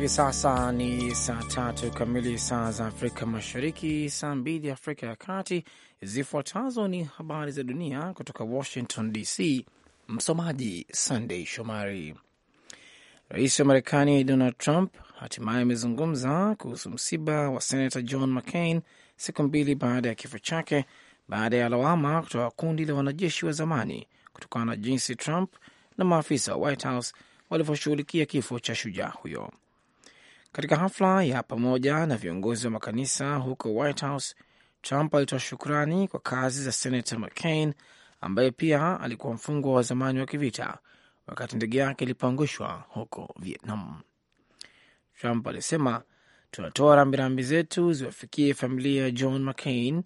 Hivi sasa ni saa tatu kamili saa za Afrika Mashariki, saa mbili Afrika ya Kati. Zifuatazo ni habari za dunia kutoka Washington DC. Msomaji Sandei Shomari. Rais wa Marekani Donald Trump hatimaye amezungumza kuhusu msiba wa senata John McCain siku mbili baada ya kifo chake, baada ya lawama kutoka kundi la wanajeshi wa zamani kutokana na jinsi Trump na maafisa wa White House walivyoshughulikia kifo cha shujaa huyo. Katika hafla ya pamoja na viongozi wa makanisa huko White House, Trump alitoa shukrani kwa kazi za Senator McCain ambaye pia alikuwa mfungwa wa zamani wa kivita wakati ndege yake ilipoangushwa huko Vietnam. Trump alisema, tunatoa rambirambi zetu ziwafikie familia ya John McCain.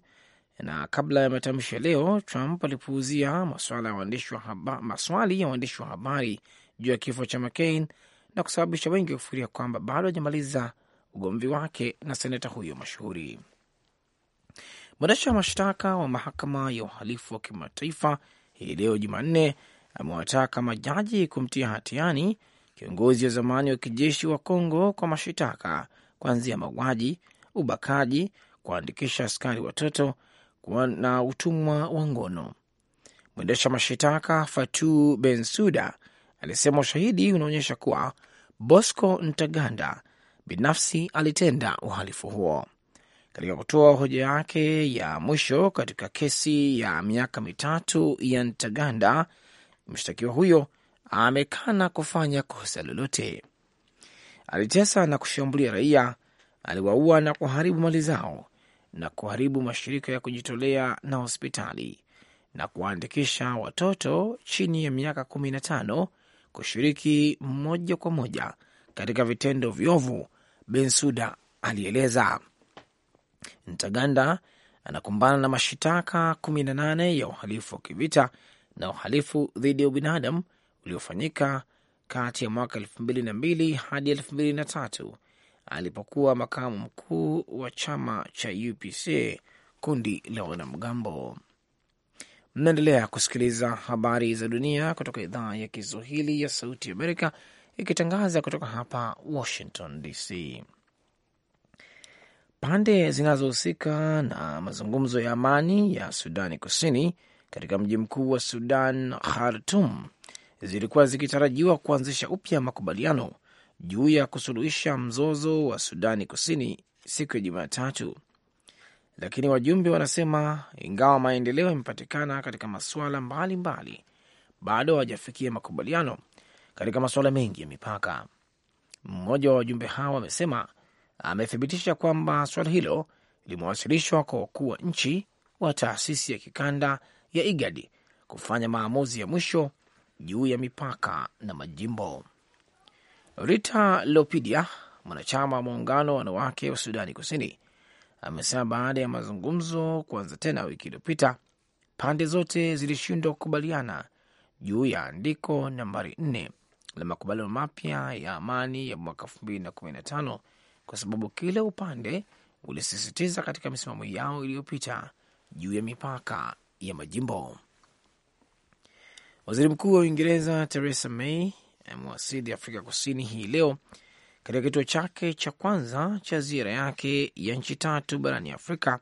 Na kabla ya matamshi ya leo, Trump alipuuzia maswali ya waandishi wa habari juu ya kifo cha McCain na kusababisha wengi kufikiria kwamba bado hajamaliza ugomvi wake na seneta huyo mashuhuri. Mwendesha wa mashtaka wa mahakama ya uhalifu wa kimataifa hii leo Jumanne amewataka majaji kumtia hatiani kiongozi wa zamani wa kijeshi wa Kongo kwa mashitaka kuanzia mauaji, ubakaji, kuandikisha askari watoto na utumwa wa ngono. Mwendesha mashitaka Fatu Bensuda alisema ushahidi unaonyesha kuwa Bosco Ntaganda binafsi alitenda uhalifu huo. Katika kutoa hoja yake ya mwisho katika kesi ya miaka mitatu ya Ntaganda, mshtakiwa huyo amekana kufanya kosa lolote. Alitesa na kushambulia raia, aliwaua na kuharibu mali zao na kuharibu mashirika ya kujitolea na hospitali na kuwaandikisha watoto chini ya miaka kumi na tano kushiriki moja kwa moja katika vitendo viovu, Bensuda alieleza. Ntaganda anakumbana na mashitaka 18 ya uhalifu wa kivita na uhalifu dhidi ya ubinadamu uliofanyika kati ya mwaka 2002 hadi 2003 alipokuwa makamu mkuu wa chama cha UPC, kundi la wanamgambo. Mnaendelea kusikiliza habari za dunia kutoka idhaa ya Kiswahili ya Sauti Amerika ikitangaza kutoka hapa Washington DC. Pande zinazohusika na mazungumzo ya amani ya Sudani Kusini katika mji mkuu wa Sudan, Khartum, zilikuwa zikitarajiwa kuanzisha upya makubaliano juu ya kusuluhisha mzozo wa Sudani Kusini siku ya Jumatatu, lakini wajumbe wanasema ingawa maendeleo yamepatikana katika masuala mbalimbali, bado hawajafikia makubaliano katika masuala mengi ya mipaka. Mmoja wa wajumbe hao amesema amethibitisha kwamba suala hilo limewasilishwa kwa wakuu wa nchi wa taasisi ya kikanda ya IGAD kufanya maamuzi ya mwisho juu ya mipaka na majimbo. Rita Lopidia, mwanachama wa muungano wa wanawake wa Sudani Kusini, amesema baada ya mazungumzo kuanza tena wiki iliyopita, pande zote zilishindwa kukubaliana juu ya andiko nambari nne la makubaliano mapya ya amani ya mwaka elfu mbili na kumi na tano kwa sababu kila upande ulisisitiza katika misimamo yao iliyopita juu ya mipaka ya majimbo. Waziri Mkuu wa Uingereza Theresa May amewasili Afrika Kusini hii leo katika kituo chake cha kwanza cha ziara yake ya nchi tatu barani Afrika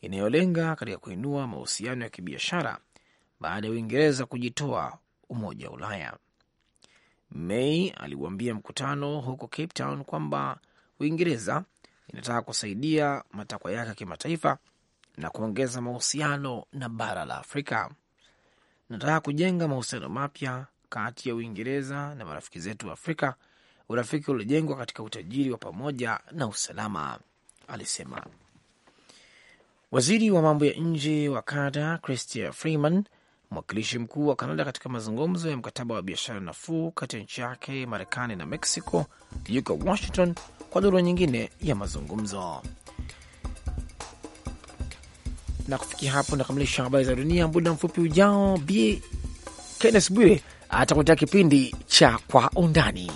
inayolenga katika kuinua mahusiano ya kibiashara baada ya Uingereza kujitoa Umoja wa Ulaya. May aliuambia mkutano huko Cape Town kwamba Uingereza inataka kusaidia matakwa yake ya kimataifa na kuongeza mahusiano na bara la Afrika. Nataka kujenga mahusiano mapya kati ya Uingereza na marafiki zetu wa Afrika urafiki uliojengwa katika utajiri wa pamoja na usalama, alisema. Waziri wa mambo ya nje wa Canada Chrystia Freeman, mwakilishi mkuu wa Kanada katika mazungumzo ya mkataba wa biashara nafuu kati ya nchi yake, Marekani na Mexico, yuko Washington kwa duru nyingine ya mazungumzo. Na kufikia hapo nakamilisha habari za dunia. Muda mfupi ujao, Kennes Bwire atakuletea kipindi cha Kwa Undani.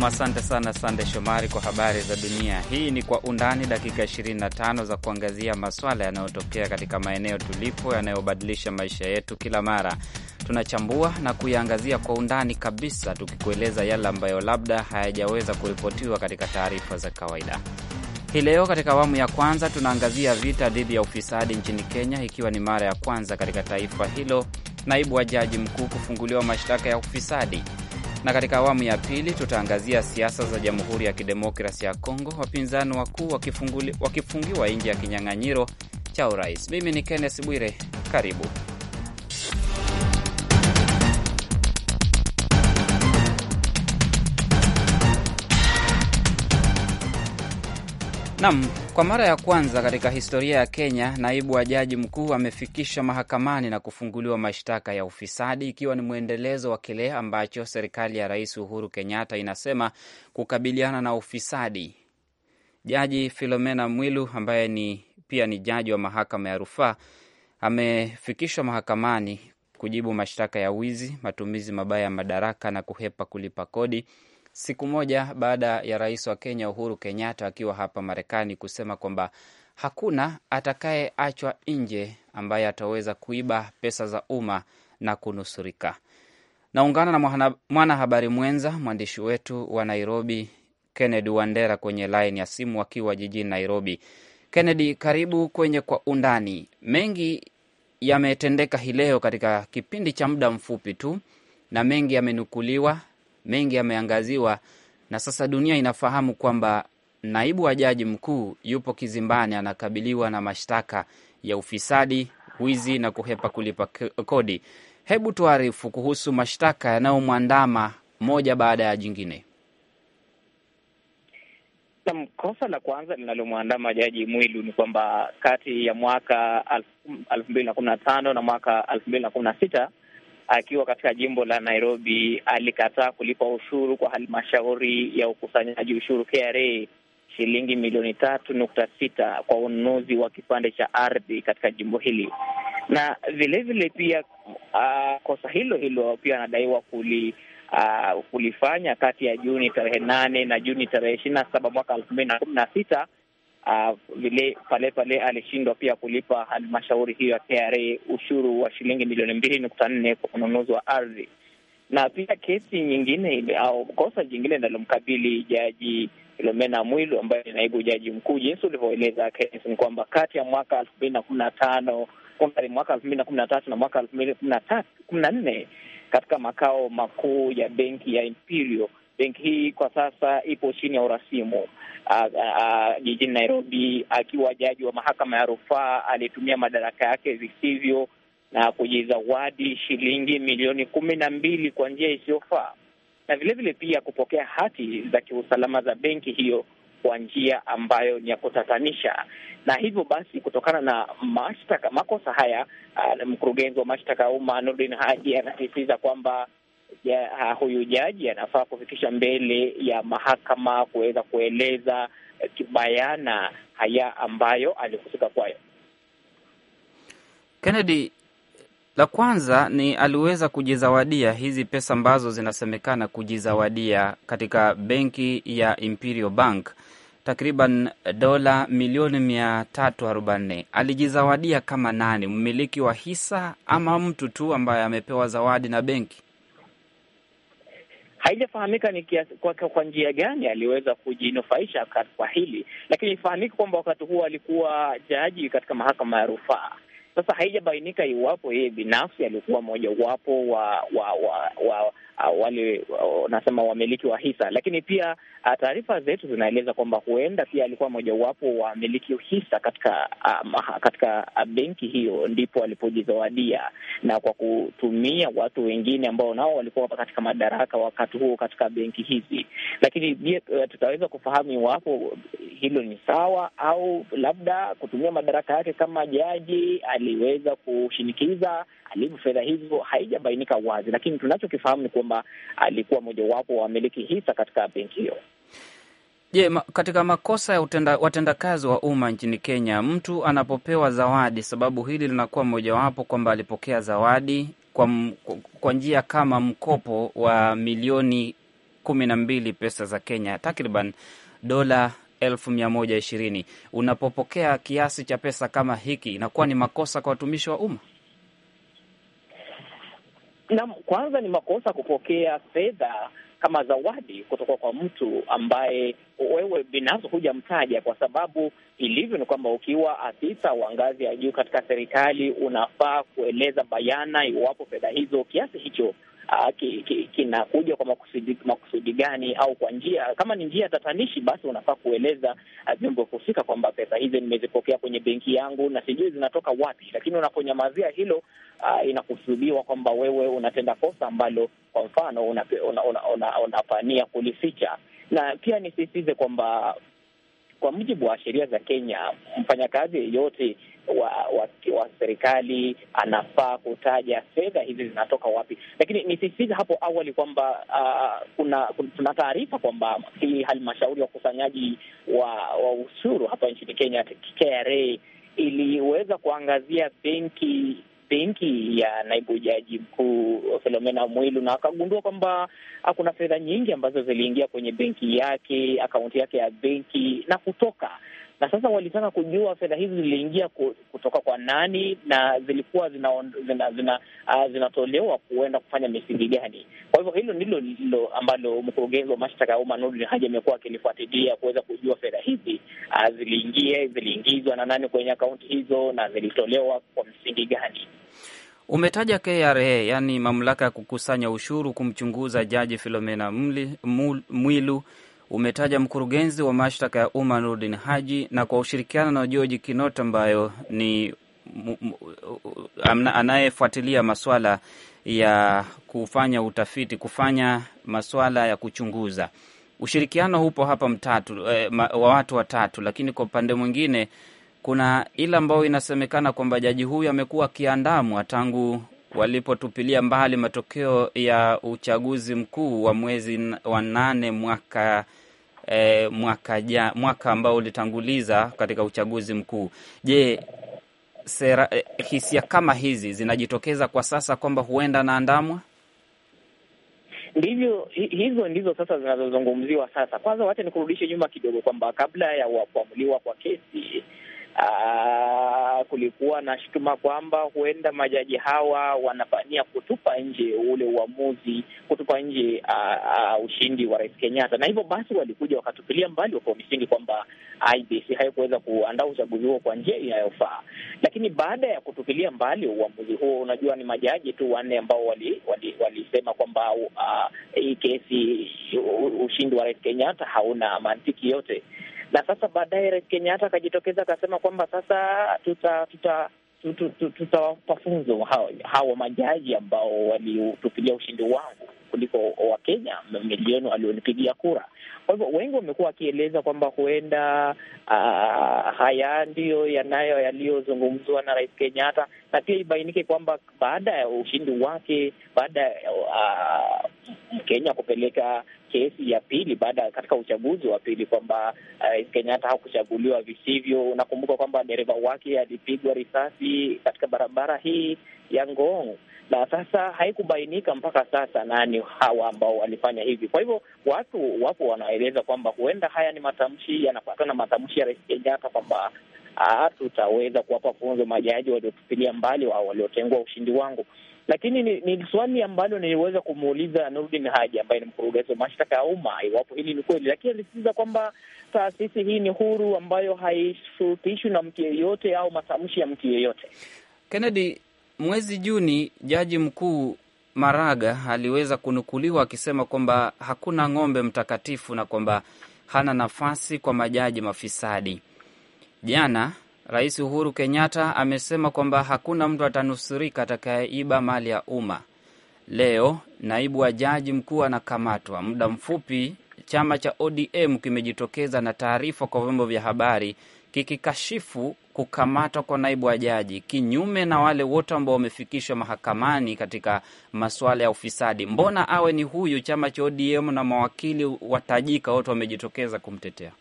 Nam, asante sana Sande Shomari kwa habari za dunia. Hii ni Kwa Undani, dakika 25 za kuangazia maswala yanayotokea katika maeneo tulipo, yanayobadilisha maisha yetu kila mara. Tunachambua na kuyaangazia kwa undani kabisa, tukikueleza yale ambayo labda hayajaweza kuripotiwa katika taarifa za kawaida. Hii leo katika awamu ya kwanza tunaangazia vita dhidi ya ufisadi nchini Kenya, ikiwa ni mara ya kwanza katika taifa hilo naibu wa jaji mkuu kufunguliwa mashtaka ya ufisadi na katika awamu ya pili tutaangazia siasa za Jamhuri ya Kidemokrasi ya Kongo, wapinzani wakuu wakifungiwa nje ya kinyang'anyiro cha urais. Mimi ni Kenneth Bwire, karibu. Nam, kwa mara ya kwanza katika historia ya Kenya, naibu wa jaji mkuu amefikishwa mahakamani na kufunguliwa mashtaka ya ufisadi, ikiwa ni mwendelezo wa kile ambacho serikali ya Rais Uhuru Kenyatta inasema kukabiliana na ufisadi. Jaji Filomena Mwilu ambaye ni pia ni jaji wa mahakama ya rufaa amefikishwa mahakamani kujibu mashtaka ya wizi, matumizi mabaya ya madaraka na kuhepa kulipa kodi siku moja baada ya rais wa Kenya Uhuru Kenyatta akiwa hapa Marekani kusema kwamba hakuna atakayeachwa nje ambaye ataweza kuiba pesa za umma na kunusurika. Naungana na mwanahabari mwenza mwandishi wetu wa Nairobi Kennedy Wandera kwenye laini ya simu akiwa jijini Nairobi. Kennedy, karibu kwenye Kwa Undani. Mengi yametendeka hii leo katika kipindi cha muda mfupi tu, na mengi yamenukuliwa mengi yameangaziwa, na sasa dunia inafahamu kwamba naibu wa jaji mkuu yupo kizimbani, anakabiliwa na mashtaka ya ufisadi, wizi na kuhepa kulipa kodi. Hebu tuarifu kuhusu mashtaka yanayomwandama moja baada ya jingine. kosa la kwanza linalomwandama Jaji Mwilu ni kwamba kati ya mwaka elfu mbili na kumi na tano na mwaka elfu mbili na kumi na sita akiwa katika jimbo la Nairobi alikataa kulipa ushuru kwa halmashauri ya ukusanyaji ushuru KRA shilingi milioni tatu nukta sita kwa ununuzi wa kipande cha ardhi katika jimbo hili, na vilevile vile pia uh, kosa hilo hilo pia anadaiwa kuli uh, kulifanya kati ya Juni tarehe nane na Juni tarehe ishirini na saba mwaka elfu mbili na kumi na sita Ah, vile uh, pale pale alishindwa pia kulipa halmashauri hiyo ya TRA ushuru wa shilingi milioni mbili nukta nne kwa ununuzi wa ardhi. Na pia kesi nyingine ile au kosa jingine linalomkabili jaji Filomena Mwilu ambaye ni naibu jaji mkuu, jinsi ulivyoeleza kesi, ni kwamba kati ya mwaka elfu mbili na kumi na tano mwaka elfu mbili na kumi na tatu na mwaka elfu mbili kumi na nne katika makao makuu ya benki ya Imperial benki hii kwa sasa ipo chini ya urasimu jijini Nairobi, akiwa jaji wa mahakama ya rufaa aliyetumia madaraka yake visivyo na kujizawadi shilingi milioni kumi na mbili kwa njia isiyofaa na vilevile vile pia kupokea hati za kiusalama za benki hiyo kwa njia ambayo ni ya kutatanisha. Na hivyo basi, kutokana na mashtaka makosa haya, uh, mkurugenzi wa mashtaka ya umma Nurdin Haji anasisitiza kwamba ya, huyu jaji anafaa kufikisha mbele ya mahakama kuweza kueleza eh, kibayana haya ambayo alihusika kwayo. Kennedy, la kwanza ni aliweza kujizawadia hizi pesa ambazo zinasemekana kujizawadia katika benki ya Imperial Bank takriban dola milioni mia tatu arobaini Alijizawadia kama nani? Mmiliki wa hisa ama mtu tu ambaye amepewa zawadi na benki? Haijafahamika ni kwa, kwa njia gani aliweza kujinufaisha kwa hili, lakini ifahamike kwamba wakati huo alikuwa jaji katika mahakama ya rufaa sasa haijabainika iwapo yeye binafsi alikuwa mojawapo wa wa, wa, wa wale wanasema wamiliki wa hisa, lakini pia taarifa zetu zinaeleza kwamba huenda pia alikuwa mojawapo wa wamiliki hisa katika uh, katika benki hiyo, ndipo alipojizawadia na kwa kutumia watu wengine ambao nao walikuwa katika madaraka wakati huo katika benki hizi. Lakini uh, tutaweza kufahamu iwapo hilo ni sawa au labda kutumia madaraka yake kama jaji aliweza kushinikiza alivyo fedha hizo haijabainika wazi, lakini tunachokifahamu ni kwamba alikuwa mojawapo wa wamiliki hisa katika benki hiyo. Je, ma, katika makosa ya utenda, watendakazi wa umma nchini Kenya, mtu anapopewa zawadi, sababu hili linakuwa mojawapo kwamba alipokea zawadi kwa, kwa njia kama mkopo wa milioni kumi na mbili pesa za Kenya takriban dola elfu mia moja ishirini unapopokea kiasi cha pesa kama hiki, inakuwa ni makosa kwa watumishi wa umma? Naam, kwanza ni makosa kupokea fedha kama zawadi kutoka kwa mtu ambaye wewe binafsi hujamtaja, kwa sababu ilivyo ni kwamba ukiwa afisa wa ngazi ya juu katika serikali unafaa kueleza bayana iwapo fedha hizo kiasi hicho Uh, kinakuja kwa makusudi, makusudi gani au kwa njia kama ni njia tatanishi, basi unafaa kueleza uh, vyombo husika kwamba pesa hizi nimezipokea kwenye benki yangu na sijui zinatoka wapi. Lakini unaponyamazia hilo, uh, inakusudiwa kwamba wewe unatenda kosa ambalo kwa mfano unapania una, una, una, una kulificha na pia nisisitize kwamba kwa mujibu wa sheria za Kenya, mfanyakazi yeyote wa, wa, wa serikali anafaa kutaja fedha hizi zinatoka wapi, lakini nisisitiza hapo awali kwamba uh, kuna tuna taarifa kwamba hii halmashauri ya ukusanyaji wa, wa ushuru hapa nchini Kenya, KRA, iliweza kuangazia benki benki ya naibu jaji mkuu Filomena Mwilu, na akagundua kwamba kuna fedha nyingi ambazo ziliingia kwenye benki yake, akaunti yake ya benki na kutoka na sasa walitaka kujua fedha hizi ziliingia kutoka kwa nani na zilikuwa zinatolewa zina, zina, ah, zina kuenda kufanya misingi gani. Kwa hivyo hilo ndilo lilo ambalo mkurugenzi wa mashtaka ya umma haja Haji amekuwa akilifuatilia kuweza kujua fedha hizi ah, ziliingia, ziliingizwa na nani kwenye akaunti hizo na zilitolewa kwa msingi gani. Umetaja KRA, yaani mamlaka ya kukusanya ushuru, kumchunguza Jaji Filomena Mwilu umetaja mkurugenzi wa mashtaka ya umma Nurdin Haji na kwa ushirikiano na George Kinot ambayo ni anayefuatilia maswala ya kufanya utafiti, kufanya maswala ya kuchunguza. Ushirikiano hupo hapa mtatu eh, wa watu watatu, lakini kwa upande mwingine kuna ile ambayo inasemekana kwamba jaji huyu amekuwa akiandamwa tangu walipotupilia mbali matokeo ya uchaguzi mkuu wa mwezi wa nane mwaka E, mwaka, ja, mwaka ambao ulitanguliza katika uchaguzi mkuu. Je, sera, eh, hisia kama hizi zinajitokeza kwa sasa kwamba huenda anaandamwa? Ndivyo, hizo ndizo sasa zinazozungumziwa sasa. Kwanza wacha nikurudishe nyuma kidogo kwamba kabla ya kuamuliwa kwa kesi Aa, ah, kulikuwa na shutuma kwamba huenda majaji hawa wanapania kutupa nje ule uamuzi, kutupa nje ah, ah, ushindi wa Rais Kenyatta, na hivyo basi walikuja wakatupilia mbali kwa misingi kwamba IBC haikuweza kuandaa uchaguzi huo kwa njia inayofaa. Lakini baada ya kutupilia mbali uamuzi huo, unajua ni majaji tu wanne ambao walisema wali, wali kwamba hii kesi, ushindi wa Rais Kenyatta hauna mantiki yote na sasa baadaye Rais Kenyatta akajitokeza akasema kwamba sasa tuta tuta tutawapa tuta, funzo hawa majaji ambao waliutupilia ushindi wangu kuliko Wakenya mamilioni walionipigia kura. Kwa hivyo wengi wamekuwa wakieleza kwamba huenda uh, haya ndiyo yanayo yaliyozungumzwa na Rais Kenyatta, na pia ibainike kwamba baada ya ushindi wake, baada ya uh, Kenya kupeleka kesi ya pili baada katika uchaguzi wa pili kwamba ah, Rais uh, Kenyatta hakuchaguliwa visivyo. Unakumbuka kwamba dereva wake alipigwa risasi katika barabara hii ya Ngong na sasa haikubainika mpaka sasa nani hawa ambao walifanya hivi. Kwa hivyo watu wapo wanaeleza kwamba huenda haya ni matamshi yanafuatana matamshi ya Rais Kenyatta kwamba ah, tutaweza kuwapa funzo majaji waliotupilia mbali au waliotengua ushindi wangu. Lakini ni, ni swali ambalo niliweza kumuuliza Nurdin Haji ambaye ni mkurugenzi wa mashtaka ya umma iwapo hili ni kweli, lakini alisitiza kwamba taasisi hii ni huru ambayo haishurutishwi na mtu yeyote au matamshi ya mtu yeyote. Kennedy, mwezi Juni jaji mkuu Maraga aliweza kunukuliwa akisema kwamba hakuna ng'ombe mtakatifu na kwamba hana nafasi kwa majaji mafisadi. Jana Rais Uhuru Kenyatta amesema kwamba hakuna mtu atanusurika atakayeiba mali ya umma. Leo naibu wa jaji mkuu anakamatwa. Muda mfupi chama cha ODM kimejitokeza na taarifa kwa vyombo vya habari kikikashifu kukamatwa kwa naibu wa jaji kinyume na wale wote ambao wamefikishwa mahakamani katika masuala ya ufisadi. Mbona awe ni huyu? Chama cha ODM na mawakili watajika wote wamejitokeza kumtetea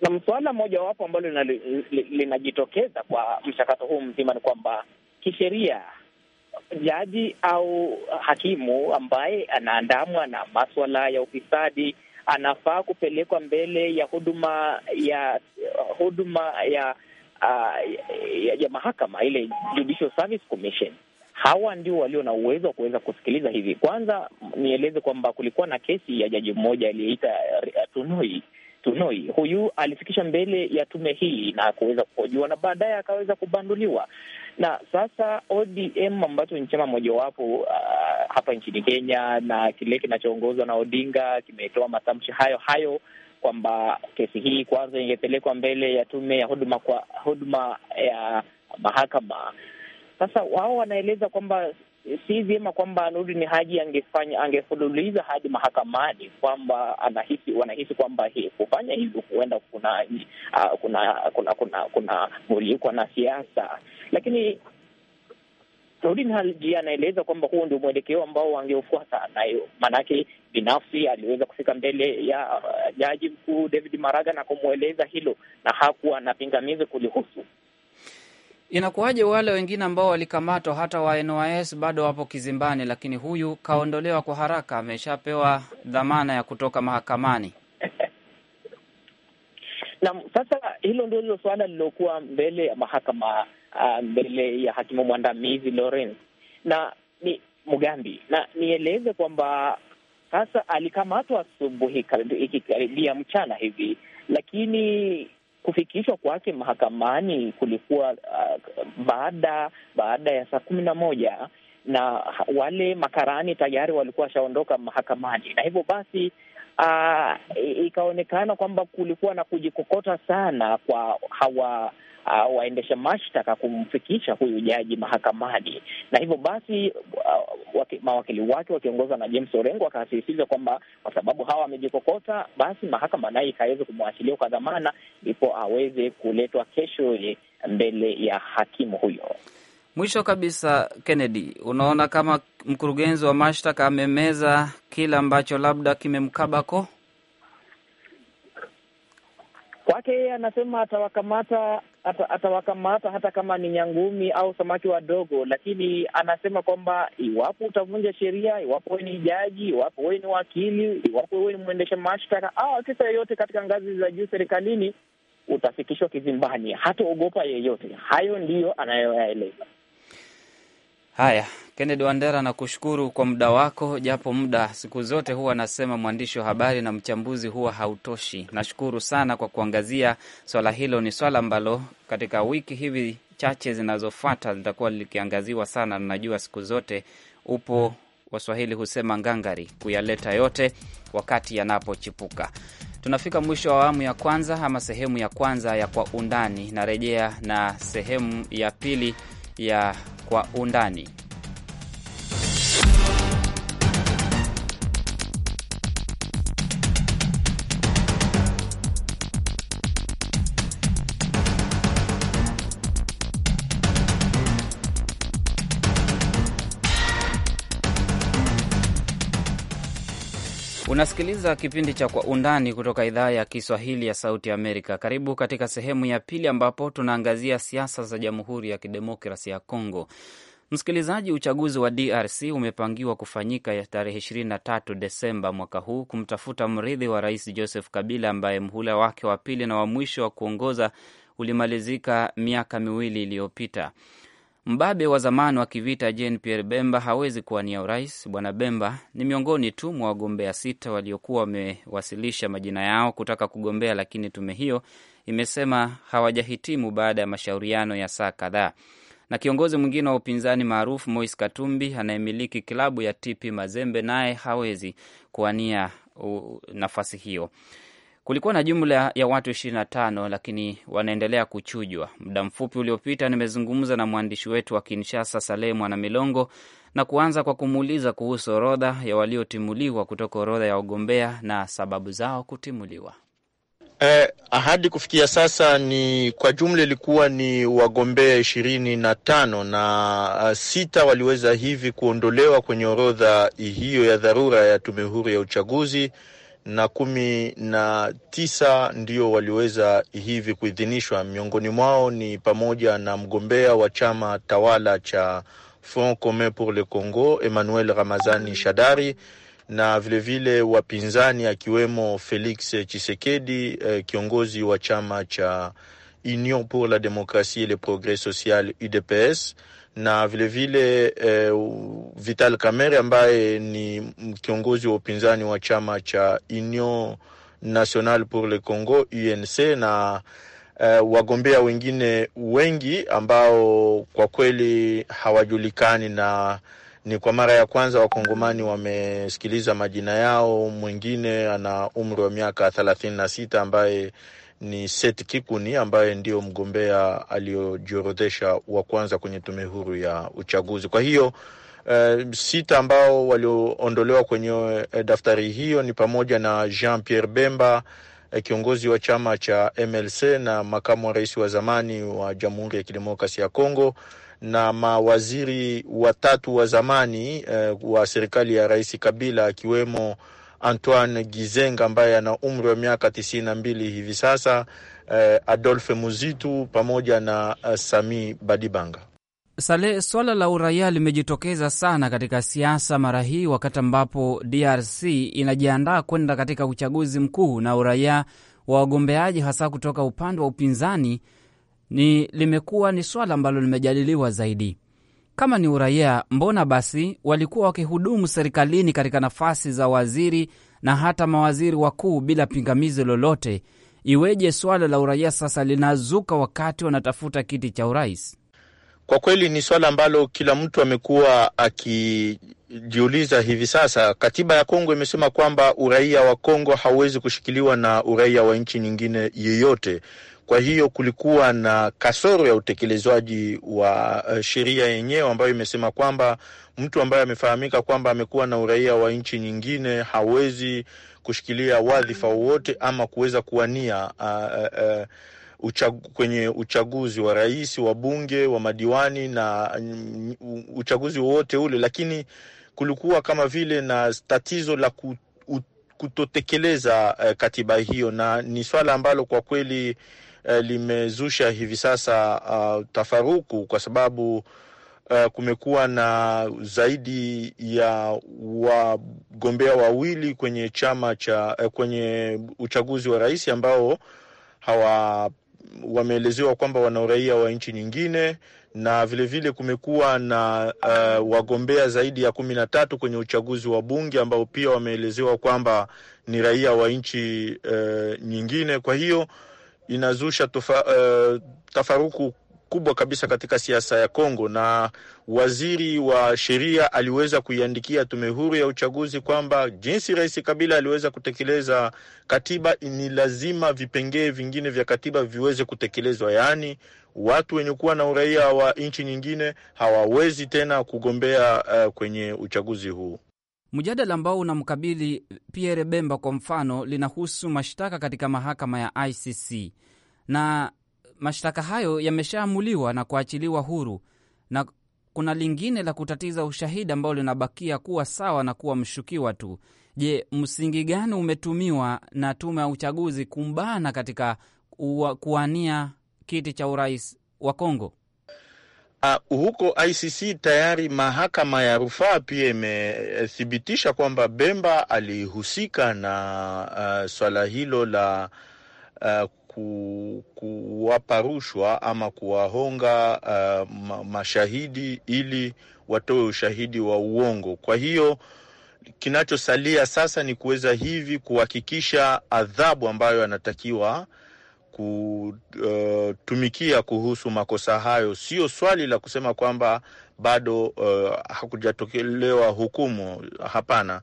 na suala mojawapo ambalo linajitokeza kwa mchakato huu mzima ni kwamba kisheria, jaji au hakimu ambaye anaandamwa na maswala ya ufisadi anafaa kupelekwa mbele ya huduma ya huduma ya uh, ya, ya mahakama ile Judicial Service Commission. Hawa ndio walio na uwezo wa kuweza kusikiliza hivi. Kwanza nieleze kwamba kulikuwa na kesi ya jaji mmoja aliyeita eh, Tunoi Tunoi. Huyu alifikisha mbele ya tume hii na kuweza kuhojiwa na baadaye akaweza kubanduliwa, na sasa ODM ambacho ni chama mojawapo uh, hapa nchini Kenya na kile kinachoongozwa na Odinga kimetoa matamshi hayo hayo kwamba kesi hii kwanza ingepelekwa mbele ya tume ya huduma kwa huduma ya mahakama. Sasa wao wanaeleza kwamba si vyema kwamba Nurdin Haji angefanya angefululiza hadi mahakamani, kwamba anahisi wanahisi kwamba kufanya hivyo huenda kuna uh, kuna kuna kuna kuna mulikwa na siasa, lakini Saudin Haji anaeleza kwamba huo ndio mwelekeo ambao wangeufuata, na maanake binafsi aliweza kufika mbele ya uh, jaji mkuu David Maraga na kumweleza hilo, na hakuwa na pingamizi kulihusu. Inakuwaje wale wengine ambao walikamatwa hata wa NYS bado wapo kizimbani, lakini huyu kaondolewa kwa haraka, ameshapewa dhamana ya kutoka mahakamani? Naam, sasa hilo lilo suala lililokuwa mbele ya mahakama uh, mbele ya hakimu mwandamizi Lawrence na ni Mugambi, na nieleze kwamba sasa alikamatwa asubuhi ikikaribia mchana hivi, lakini kufikishwa kwake mahakamani kulikuwa uh, baada baada ya saa kumi na moja na wale makarani tayari walikuwa washaondoka mahakamani, na hivyo basi uh, ikaonekana kwamba kulikuwa na kujikokota sana kwa hawa uh, waendesha mashtaka kumfikisha huyu jaji mahakamani, na hivyo basi uh, waki, mawakili wake wakiongozwa na James Orengo wakasisitiza kwamba kwa sababu hawa wamejikokota, basi mahakama naye ikaweze kumwachilia kwa dhamana, ndipo aweze kuletwa kesho mbele ya hakimu huyo. Mwisho kabisa, Kennedy, unaona kama mkurugenzi wa mashtaka amemeza kile ambacho labda kimemkabako Kwake yeye anasema atawakamata ata, atawakamata hata kama ni nyangumi au samaki wadogo, lakini anasema kwamba iwapo utavunja sheria, iwapo wewe ni jaji, iwapo wewe ni wakili, iwapo wewe ni mwendesha mashtaka au afisa yeyote katika ngazi za juu serikalini, utafikishwa kizimbani, hataogopa yeyote. Hayo ndiyo anayoyaeleza. Haya, Kennedy Wandera, nakushukuru kwa muda wako, japo muda siku zote huwa nasema mwandishi wa habari na mchambuzi huwa hautoshi. Nashukuru sana kwa kuangazia swala hilo. Ni swala ambalo katika wiki hivi chache zinazofuata litakuwa likiangaziwa sana. Najua siku zote upo, Waswahili husema ngangari kuyaleta yote wakati yanapochipuka. Tunafika mwisho wa awamu ya kwanza ama sehemu ya kwanza ya Kwa Undani. Narejea na sehemu ya pili ya kwa undani Unasikiliza kipindi cha Kwa Undani kutoka idhaa ya Kiswahili ya Sauti Amerika. Karibu katika sehemu ya pili, ambapo tunaangazia siasa za Jamhuri ya kidemokrasi ya congo Msikilizaji, uchaguzi wa DRC umepangiwa kufanyika ya tarehe 23 Desemba mwaka huu kumtafuta mrithi wa Rais Joseph Kabila ambaye mhula wake wa pili na wa mwisho wa kuongoza ulimalizika miaka miwili iliyopita. Mbabe wa zamani wa kivita Jean Pierre Bemba hawezi kuwania urais. Bwana Bemba ni miongoni tu mwa wagombea sita waliokuwa wamewasilisha majina yao kutaka kugombea, lakini tume hiyo imesema hawajahitimu baada ya mashauriano ya saa kadhaa. Na kiongozi mwingine wa upinzani maarufu Moise Katumbi anayemiliki klabu ya TP Mazembe naye hawezi kuwania nafasi hiyo. Kulikuwa na jumla ya watu 25 lakini wanaendelea kuchujwa. Muda mfupi uliopita nimezungumza na mwandishi wetu wa Kinshasa, Saleh Mwana Milongo, na kuanza kwa kumuuliza kuhusu orodha ya waliotimuliwa kutoka orodha ya wagombea na sababu zao kutimuliwa. Eh, ahadi kufikia sasa ni kwa jumla ilikuwa ni wagombea ishirini na tano na eh, sita waliweza hivi kuondolewa kwenye orodha hiyo ya dharura ya tume huru ya uchaguzi na kumi na tisa ndio waliweza hivi kuidhinishwa. Miongoni mwao ni pamoja na mgombea wa chama tawala cha Front Commun pour le Congo Emmanuel Ramazani Shadari na vilevile vile wapinzani akiwemo Felix chisekedi eh, kiongozi wa chama cha Union pour la Democratie et le Progres Social UDPS na vilevile vile, eh, Vital Kamerhe ambaye ni kiongozi wa upinzani wa chama cha Union National pour le Congo UNC na eh, wagombea wengine wengi ambao kwa kweli hawajulikani, na ni kwa mara ya kwanza wakongomani wamesikiliza majina yao. Mwingine ana umri wa miaka thelathini na sita ambaye ni Seth Kikuni ambaye ndiyo mgombea aliyojiorodhesha wa kwanza kwenye tume huru ya uchaguzi. Kwa hiyo Uh, sita ambao walioondolewa kwenye uh, daftari hiyo ni pamoja na Jean Pierre Bemba uh, kiongozi wa chama cha MLC na makamu wa rais wa zamani wa Jamhuri ya Kidemokrasia ya Kongo na mawaziri watatu wa zamani uh, wa serikali ya Rais Kabila akiwemo Antoine Gizenga ambaye ana umri wa miaka tisini na mbili hivi sasa, eh, Adolfe Muzitu pamoja na eh, Sami Badibanga. Sale, swala la uraia limejitokeza sana katika siasa mara hii, wakati ambapo DRC inajiandaa kwenda katika uchaguzi mkuu, na uraia wa wagombeaji hasa kutoka upande wa upinzani ni limekuwa ni swala ambalo limejadiliwa zaidi. Kama ni uraia, mbona basi walikuwa wakihudumu serikalini katika nafasi za waziri na hata mawaziri wakuu bila pingamizi lolote? Iweje swala la uraia sasa linazuka wakati wanatafuta kiti cha urais? Kwa kweli ni swala ambalo kila mtu amekuwa akijiuliza hivi sasa. Katiba ya Kongo imesema kwamba uraia wa Kongo hauwezi kushikiliwa na uraia wa nchi nyingine yeyote. Kwa hiyo kulikuwa na kasoro ya utekelezwaji wa eh, sheria yenyewe ambayo imesema kwamba mtu ambaye amefahamika kwamba amekuwa na uraia wa nchi nyingine hawezi kushikilia wadhifa mm. wowote ama kuweza kuwania uh, ah, uh, eh, eh, Uchagu, kwenye uchaguzi wa rais wa bunge wa madiwani na uchaguzi wowote ule, lakini kulikuwa kama vile na tatizo la kutotekeleza katiba hiyo, na ni swala ambalo kwa kweli Eh, limezusha hivi sasa uh, tafaruku kwa sababu uh, kumekuwa na zaidi ya wagombea wawili kwenye chama cha uh, kwenye uchaguzi wa rais ambao hawa wameelezewa kwamba wana uraia wa nchi nyingine na vilevile vile kumekuwa na uh, wagombea zaidi ya kumi na tatu kwenye uchaguzi wa bunge ambao pia wameelezewa kwamba ni raia wa nchi uh, nyingine. Kwa hiyo inazusha tofa, uh, eh, tafaruku kubwa kabisa katika siasa ya Kongo, na waziri wa sheria aliweza kuiandikia tume huru ya uchaguzi kwamba jinsi Rais Kabila aliweza kutekeleza katiba, ni lazima vipengee vingine vya katiba viweze kutekelezwa, yaani watu wenye kuwa na uraia wa nchi nyingine hawawezi tena kugombea uh, kwenye uchaguzi huu. Mjadala ambao unamkabili Pierre Bemba kwa mfano, linahusu mashtaka katika mahakama ya ICC na mashtaka hayo yameshaamuliwa na kuachiliwa huru, na kuna lingine la kutatiza ushahidi ambao linabakia kuwa sawa na kuwa mshukiwa tu. Je, msingi gani umetumiwa na tume ya uchaguzi kumbana katika kuwania kiti cha urais wa Kongo? Uh, huko ICC tayari mahakama ya rufaa pia imethibitisha kwamba Bemba alihusika na uh, swala hilo la uh, ku, kuwapa rushwa ama kuwahonga uh, ma, mashahidi ili watoe ushahidi wa uongo. Kwa hiyo kinachosalia sasa ni kuweza hivi kuhakikisha adhabu ambayo anatakiwa kutumikia kuhusu makosa hayo. Sio swali la kusema kwamba bado uh, hakujatokelewa hukumu, hapana.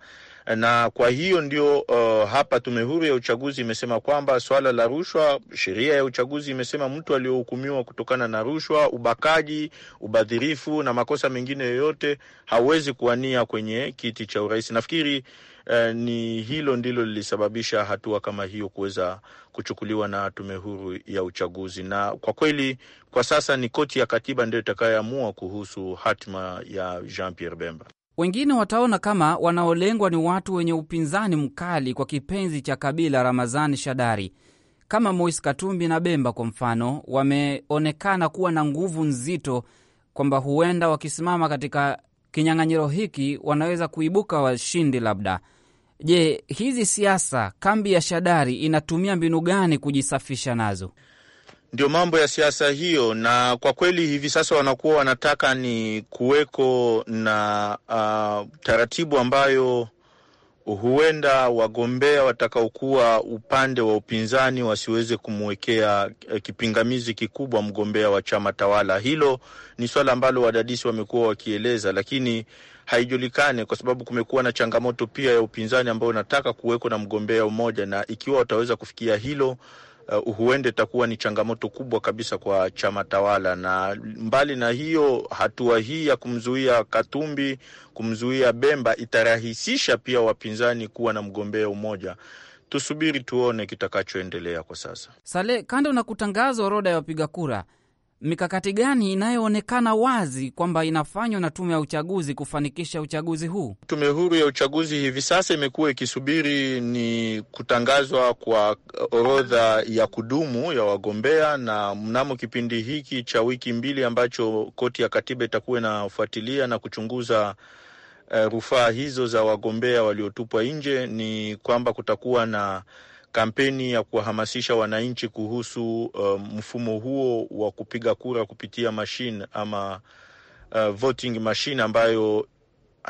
Na kwa hiyo ndio uh, hapa tume huru ya uchaguzi imesema kwamba swala la rushwa, sheria ya uchaguzi imesema mtu aliyohukumiwa kutokana na rushwa, ubakaji, ubadhirifu na makosa mengine yoyote hawezi kuwania kwenye kiti cha urais. Nafikiri Eh, ni hilo ndilo lilisababisha hatua kama hiyo kuweza kuchukuliwa na tume huru ya uchaguzi. Na kwa kweli kwa sasa ni koti ya katiba ndio itakayoamua kuhusu hatima ya Jean Pierre Bemba. Wengine wataona kama wanaolengwa ni watu wenye upinzani mkali kwa kipenzi cha kabila, Ramazani Shadari kama Moise Katumbi na Bemba kwa mfano, wameonekana kuwa na nguvu nzito, kwamba huenda wakisimama katika kinyang'anyiro hiki wanaweza kuibuka washindi labda. Je, hizi siasa kambi ya Shadari inatumia mbinu gani kujisafisha nazo? Ndio mambo ya siasa hiyo, na kwa kweli hivi sasa wanakuwa wanataka ni kuweko na uh, taratibu ambayo huenda wagombea watakaokuwa upande wa upinzani wasiweze kumwekea eh, kipingamizi kikubwa mgombea wa chama tawala. Hilo ni swala ambalo wadadisi wamekuwa wakieleza, lakini haijulikani, kwa sababu kumekuwa na changamoto pia ya upinzani ambao unataka kuweko na mgombea mmoja, na ikiwa wataweza kufikia hilo Uh, huende itakuwa ni changamoto kubwa kabisa kwa chama tawala. Na mbali na hiyo, hatua hii ya kumzuia Katumbi, kumzuia Bemba itarahisisha pia wapinzani kuwa na mgombea umoja Tusubiri tuone kitakachoendelea kwa sasa. Sale, kando na kutangaza orodha ya wapiga kura mikakati gani inayoonekana wazi kwamba inafanywa na tume ya uchaguzi kufanikisha uchaguzi huu? Tume huru ya uchaguzi hivi sasa imekuwa ikisubiri ni kutangazwa kwa orodha ya kudumu ya wagombea, na mnamo kipindi hiki cha wiki mbili ambacho koti ya katiba itakuwa inafuatilia na kuchunguza uh, rufaa hizo za wagombea waliotupwa nje, ni kwamba kutakuwa na Kampeni ya kuwahamasisha wananchi kuhusu uh, mfumo huo wa kupiga kura kupitia mashine ama uh, voting machine ambayo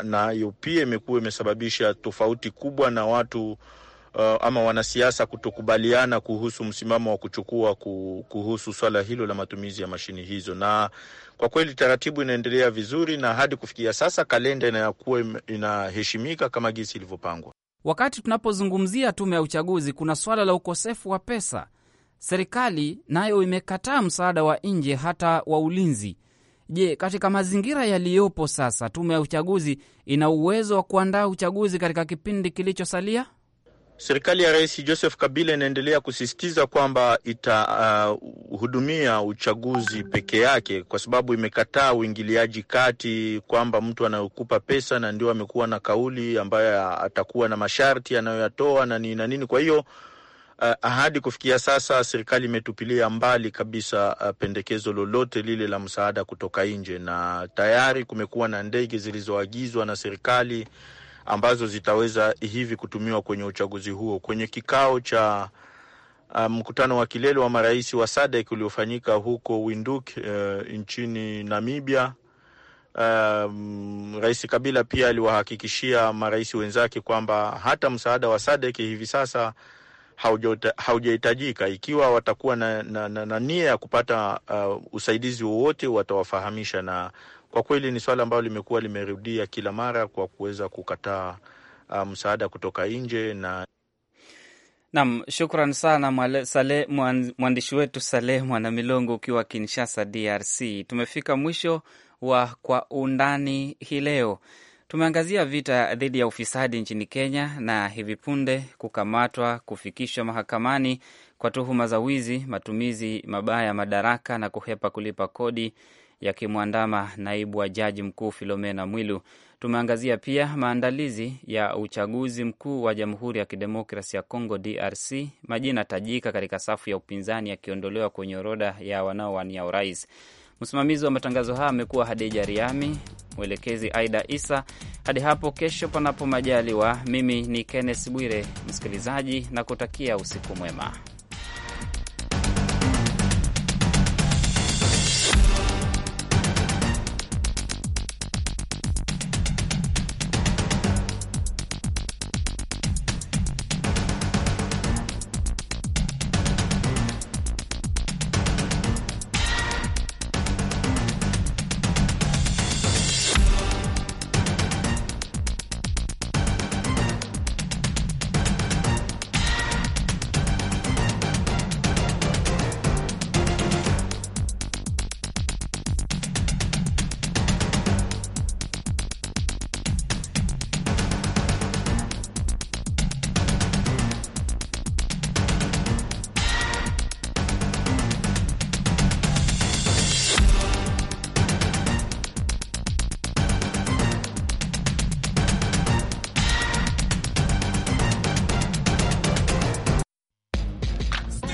nayo pia imekuwa imesababisha tofauti kubwa na watu uh, ama wanasiasa kutokubaliana kuhusu msimamo wa kuchukua kuhusu swala hilo la matumizi ya mashini hizo. Na kwa kweli taratibu inaendelea vizuri, na hadi kufikia sasa kalenda inayokuwa inaheshimika kama gisi ilivyopangwa. Wakati tunapozungumzia tume ya uchaguzi, kuna suala la ukosefu wa pesa. Serikali nayo imekataa msaada wa nje, hata wa ulinzi. Je, katika mazingira yaliyopo sasa, tume ya uchaguzi ina uwezo wa kuandaa uchaguzi katika kipindi kilichosalia? Serikali ya Rais Joseph Kabila inaendelea kusisitiza kwamba itahudumia uh, uchaguzi peke yake, kwa sababu imekataa uingiliaji kati, kwamba mtu anayokupa pesa na ndio amekuwa na kauli ambayo atakuwa na masharti anayoyatoa na nini na nini. Kwa hiyo uh, ahadi kufikia sasa serikali imetupilia mbali kabisa uh, pendekezo lolote lile la msaada kutoka nje, na tayari kumekuwa na ndege zilizoagizwa na serikali ambazo zitaweza hivi kutumiwa kwenye uchaguzi huo. Kwenye kikao cha uh, mkutano um, wa kilele wa marais wa SADC uliofanyika huko Windhoek uh, nchini Namibia, um, Rais Kabila pia aliwahakikishia marais wenzake kwamba hata msaada wa SADC hivi sasa haujahitajika. Ikiwa watakuwa na, na, na, na nia ya kupata uh, usaidizi wowote watawafahamisha, na kwa kweli ni swala ambalo limekuwa limerudia kila mara kwa kuweza kukataa ah, msaada kutoka nje na Nam, shukran sana mwandishi wetu Saleh Mwanamilongo ukiwa Kinshasa, DRC. Tumefika mwisho wa Kwa Undani hii leo. Tumeangazia vita dhidi ya ufisadi nchini Kenya na hivi punde kukamatwa, kufikishwa mahakamani kwa tuhuma za wizi, matumizi mabaya ya madaraka na kuhepa kulipa kodi yakimwandama naibu wa jaji mkuu Filomena Mwilu. Tumeangazia pia maandalizi ya uchaguzi mkuu wa Jamhuri ya Kidemokrasi ya congo DRC, majina tajika katika safu ya upinzani yakiondolewa kwenye orodha ya wanaowania urais. Msimamizi wa matangazo haya amekuwa Hadija Riami, mwelekezi Aida Isa. Hadi hapo kesho, panapo majaliwa. Mimi ni Kenneth Bwire, msikilizaji, na kutakia usiku mwema.